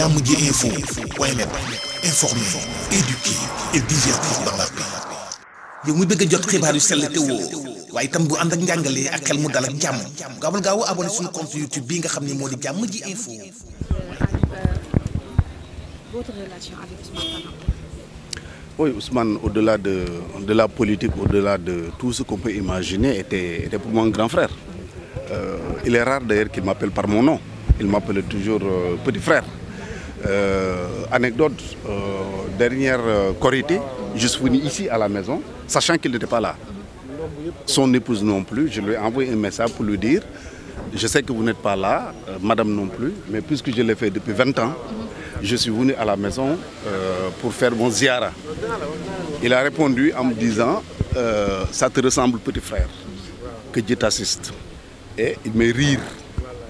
jàmm ji info point jot xibaar yu sell te woo waaye itam bu ànd ak njàngalee ak xel mu dal ak jàmm gaawal gaaw abonné suñu compte YouTube bi nga xam ne moo di jàmm ji info. votre relation au-delà de, de la politique, au-delà de tout ce qu'on peut imaginer, était, pour moi un grand frère. Euh, il est rare d'ailleurs qu'il m'appelle par mon nom. Il m'appelle toujours euh, petit frère. Euh, anecdote, euh, dernière Corité, euh, je suis venu ici à la maison, sachant qu'il n'était pas là. Son épouse non plus, je lui ai envoyé un message pour lui dire je sais que vous n'êtes pas là, euh, madame non plus, mais puisque je l'ai fait depuis 20 ans, je à la maison euh, pour faire mon ziara. Il a répondu en me disant euh, Ça te ressemble, petit frère, que Dieu t'assiste. Et il me rire.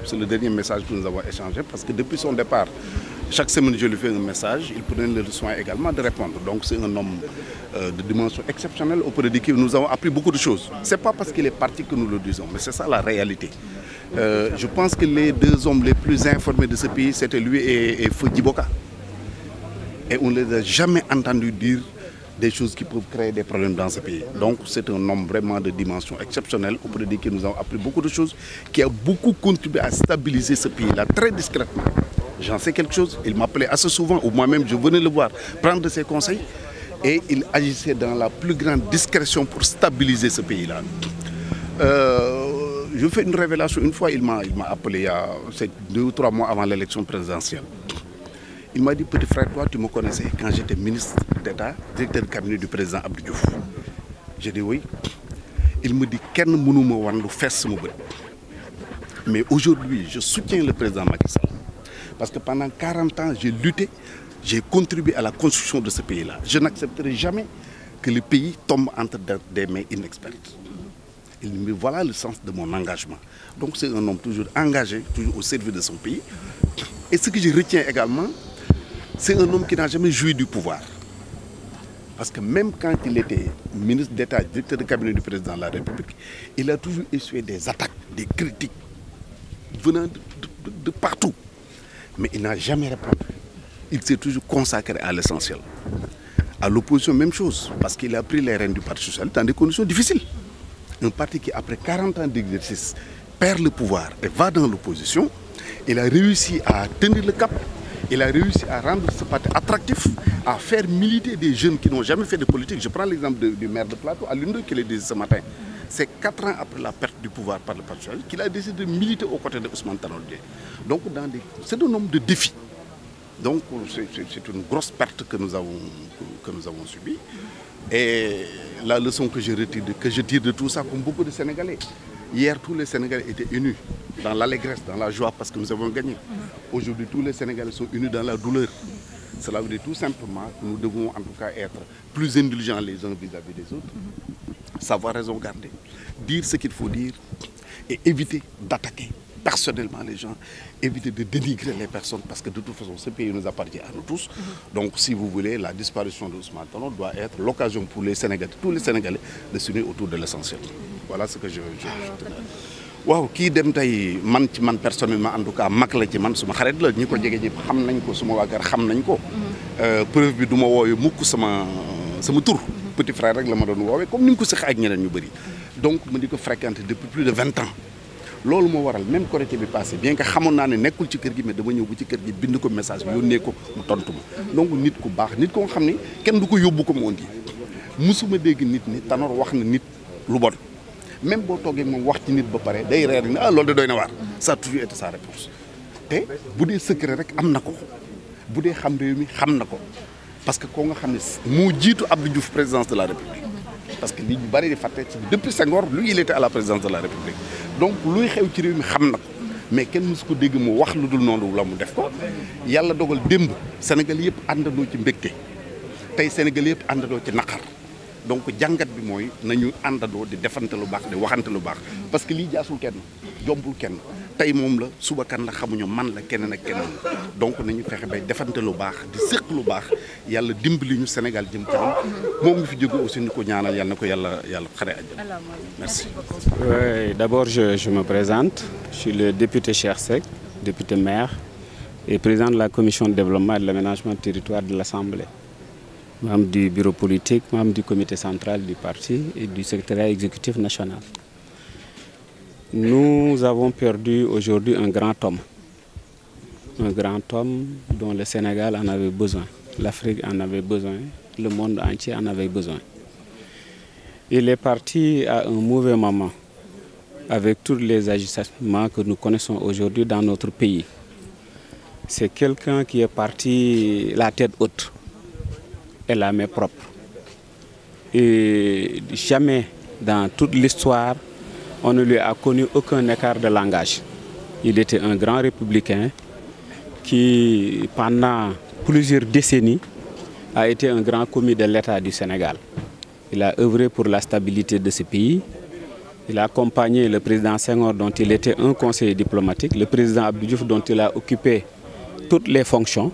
C'est le dernier message que nous avons échangé parce que depuis son départ, Chaque semaine, je lui fais un message. Il prenait le soin également de répondre. Donc, c'est un homme euh, de dimension exceptionnelle auprès de nous avons appris beaucoup de choses. Ce n'est que nous le disons, mais c'est ça la réalité. Euh, je pense que les deux hommes les plus informés de ce pays, c'était lui et, et Fodiboka. Et on ne les a jamais entendus dire des c'est un homme vraiment de dimension exceptionnelle auprès de qui nous avons appris beaucoup de choses, qui a beaucoup contribué à stabiliser ce pays-là très discrètement. j'en sais quelque chose. Il m'appelait assez souvent, ou moi-même je venais le voir, prendre ses conseils. Et il agissait dans la plus grande discrétion pour stabiliser ce pays-là. Euh, je fais une révélation, une fois il m'a appelé, il y a deux ou trois mois avant l'élection présidentielle. Il m'a dit, petit frère, toi ministre d'État, directeur de du président Abdou Diouf. J'ai dit oui. Il me dit, kenn mënu ma wan lu fees sama bët. Mais aujourd'hui, je soutiens le président Macky Parce que pendant 40 ans, j'ai lutté, j'ai contribué à la construction de ce pays-là. Je n'accepterai jamais que le pays tombe entre des mains inexpertes. Mais voilà le sens de mon engagement. Donc c'est un homme toujours engagé, toujours au service de son pays. Et ce que je retiens également, c'est un homme qui n'a jamais joui du pouvoir. Parce que même quand il était ministre d'État, de cabinet du président de la République, il a toujours essuyé des attaques, des critiques venant de, de, de, mais il n'a jamais répondu il s'est toujours consacré à l'essentiel à l'opposition même chose parce qu'il a pris les rênes du parti socialiste dans des conditions difficiles un parti qui après 40 ans d'exercice perd le pouvoir et va dans l'opposition il a réussi à tenir le cap il a réussi à rendre ce parti attractif à faire militer des jeunes qui n'ont jamais fait de politique je prends l'exemple du maire de Plateau Alioune Ndoye qui le disait ce matin C'est quatre ans après la perte du pouvoir par le Parti socialiste qu'il a décidé de militer aux côtés de Ousmane Tanor Dieng. Donc dans des c'est un homme de défi. Donc c'est une grosse perte que nous avons que nous avons subie et la leçon que je retire que je tire de tout ça comme beaucoup de Sénégalais. Hier tous les Sénégalais étaient unis dans l'allégresse, dans la joie parce que nous avons gagné. Aujourd'hui tous les Sénégalais sont unis dans la douleur. Cela veut dire tout simplement que nous devons en tout cas être plus indulgents les uns vis-à-vis -vis des autres. savoir raison garder, dire ce qu'il faut dire et éviter d'attaquer personnellement les gens, éviter de dénigrer les personnes parce que de toute façon, ce pays nous appartient à nous tous. Mhm. Donc, si vous voulez, la disparition de Ousmane Tanor doit être l'occasion pour les Sénégalais, tous les Sénégalais, de s'unir autour de l'essentiel. Voilà ce que je, je, je dem tey man ci man personnellement en tout cas mag la man suma xarit la ñi ko jege ñëpp xam nañ ko suma waa kër xam nañ ko. Mhm. Euh, preuve bi du ma wooyu mukk sama. sama tur petit frère rek la ma doon woowee comme ni nga ko sëq ak ñeneen ñu bëri donc ma di ko fréquenter depuis plus de vingt ans loolu moo waral même Korité bi passé bien que xamoon naa ne nekkul ci kër gi mais dama ñëw bu ci kër gi bind ko message bi yónnee ko mu tontu donc nit ku baax nit ko nga xam ne kenn du ko yóbbu ko moon yi ma dégg nit ni Tanor wax na nit lu bon même boo toogee moom wax ci nit ba pare day reer ni ah loolu de doy na waar ça sa te bu dee secret rek am na ko bu dee xam réew mi xam na ko parce que koo nga xam ne moo jiitu Abdou Diouf présidence de la République parce que li ñu bari di fàtte ci depuis Senghor lui il était à la présidence de la République donc luy xew ci réew mi xam na mais kenn mësu ko dégg mu wax lu dul noonu la mu def ko yàlla dogal démb Sénégal yëpp àndandoo ci mbégte tey Sénégal yëpp àndandoo ci naqar donc jàngat bi mooy nañu àndandoo di defante lu baax di waxante lu baax parce que lii jaasul kenn jombul kenn tey moom la suba kan la xamuñu man la keneen ak keneen donc nañu fexe bay defante lu baax di séq lu baax yàlla dimbali ñu Sénégal jëm kanam moom mi fi jóge aussi ni ko ñaanal yàlla na ko yàlla yàlla xare àjjana merci. oui d'abord je je me présente je suis le député Cheikh Seck député maire et président de la commission de développement et de l'aménagement du territoire membre du bureau politique, membre du comité central du parti et du secrétariat exécutif national. Nous avons perdu aujourd'hui un grand homme, un grand homme dont le Sénégal en avait besoin, l'Afrique en avait besoin, le monde entier en avait besoin. Il est parti à un mauvais moment avec tous les agissements que nous connaissons aujourd'hui dans notre pays. C'est quelqu'un qui est parti la tête haute et la main propre. Et jamais dans toute l'histoire, on ne lui a connu aucun écart de langage. Il était un grand républicain qui, pendant plusieurs décennies, a été un grand commis de l'État du Sénégal. Il a œuvré pour la stabilité de ce pays. Il a accompagné le président Senghor, dont il était un conseiller diplomatique, le président Abdou dont il a occupé toutes les fonctions.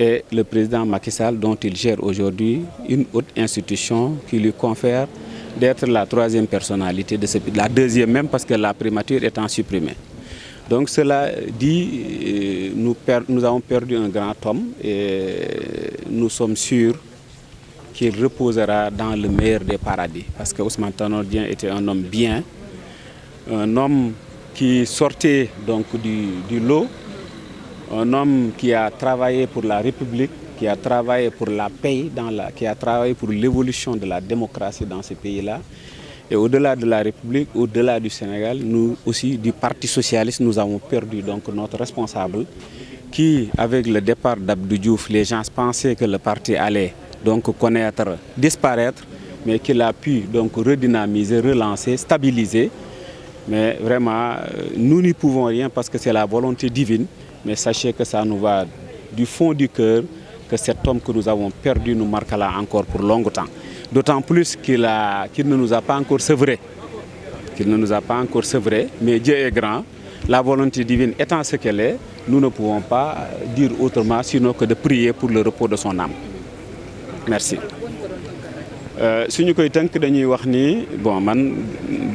et le président Macky Sall dont il gère aujourd'hui une haute institution qui lui confère d'être la troisième personnalité de ce pays, la deuxième même parce que la primature étant supprimée. Donc cela dit, euh, nous, per nous avons perdu un grand homme et nous sommes sûrs qu'il reposera dans le meilleur des paradis. Parce que Ousmane Tanor Dieng était un homme bien, un homme qui sortait donc du lot, un homme qui a travaillé pour la République, qui a travaillé pour la paix, dans la, qui a travaillé pour l'évolution de la démocratie dans ce pays-là. Et au-delà de la République, au-delà du Sénégal, nous aussi du Parti Socialiste, nous avons perdu donc notre responsable qui, avec le départ d'Abdou Diouf, les gens pensaient que le parti allait donc connaître, disparaître, mais qu'il la pu donc redynamiser, relancer, stabiliser. Mais vraiment, euh, nous n'y pouvons rien parce que c'est la volonté divine mais sachez que ça nous va du fond du cœur que cet homme que nous avons perdu nous marquera encore pour temps D'autant plus qu'il qu ne nous a pas encore sevrés. Qu'il ne nous a pas encore sevrés, mais Dieu est grand. La volonté divine étant ce qu'elle est, nous ne pouvons pas dire autrement sinon que de prier pour le repos de son âme. Euh, suñu koy tënk dañuy wax ni bon man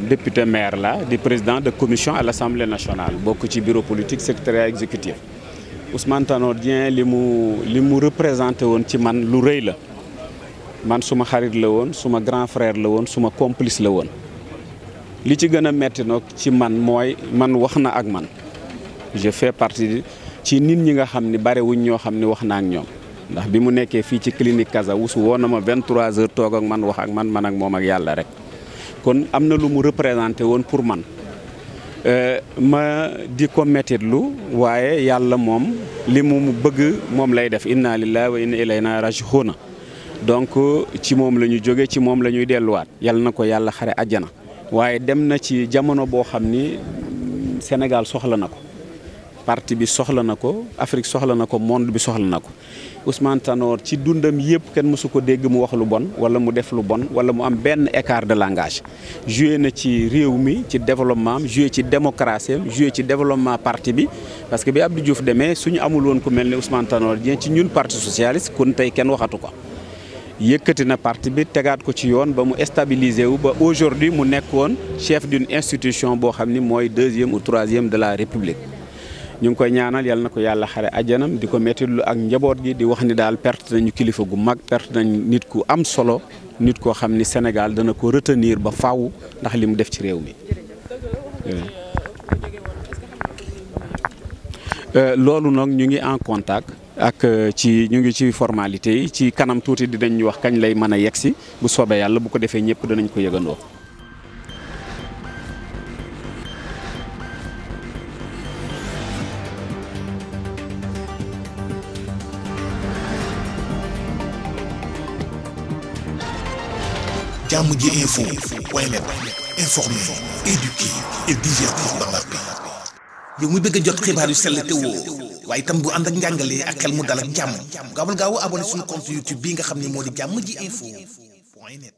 député maire la di président de commission à l'Assemblée nationale bokk ci bureau politique secrétariat exécutif Ousmane dien li mu li mu représenté woon ci man lu rëy la man suma xarit la woon suma grand frère la woon suma complice la woon li ci gën a metti nag ci man mooy man wax na ak man je fais partie ci nit ñi nga xam ni barewuñ ñoo xam ni wax na ak ñoom ndax bi mu nekkee fii ci clinique Casa wusu woo na ma 23h toog ak man wax ak man man ak moom ak yàlla rek kon am na lu mu représenté woon pour man euh, ma di ko mettitlu waaye yàlla moom li mu mu bëgg moom lay def inna lillahi lay inna ilayna na donc ci moom la ñu jóge ci moom la ñuy delluwaat yal na ko yàlla xare àjjana waaye dem na ci jamono boo xam ni Sénégal soxla na ko parti bi soxla na ko Afrique soxla na ko monde bi soxla na ko Ousmane Tanor ci dundam yëpp kenn mësu ko dégg mu wax lu bon wala mu def lu bon wala mu am benn écart de langage joué na ci réew mi ci développement am ci démocratie am ci développement parti bi parce que bi Abdou Diouf demee suñu amul woon ku mel ne Ousmane Tanor Dieng ci ñun parti socialiste kon tey kenn waxatu ko yëkkati na parti bi tegaat ko ci yoon ba mu stabilisé wu ba aujourd'hui mu nekkoon chef d'une institution boo xam ni mooy deuxième ou troisième de la république ñu ngi koy ñaanal yal na ko yàlla xare àjjanam di ko mettitlu ak njaboot gi di wax ni daal perte nañu kilifa gu mag perte nañ nit ku am solo nit koo xam ni Sénégal dana ko retenir ba faw ndax li mu def ci réew mi. Euh, loolu noog ñu ngi en contact ak euh, ci ñu ngi ci formalité yi ci kanam tuuti dinañ wax kañ lay mën a yegsi bu soobee yàlla bu ko defee ñëpp danañ ko yëgandoo. jàmm ji info waaye nag informer, éduquer et divertir dans la paix. yow mi a jot xibaar yu sell te woo waaye itam bu ànd ak njàngalee ak xel mu dal ak jàmm gaawal gaaw abonné suñu compte YouTube bii nga xam ne moo di jàmm ji info.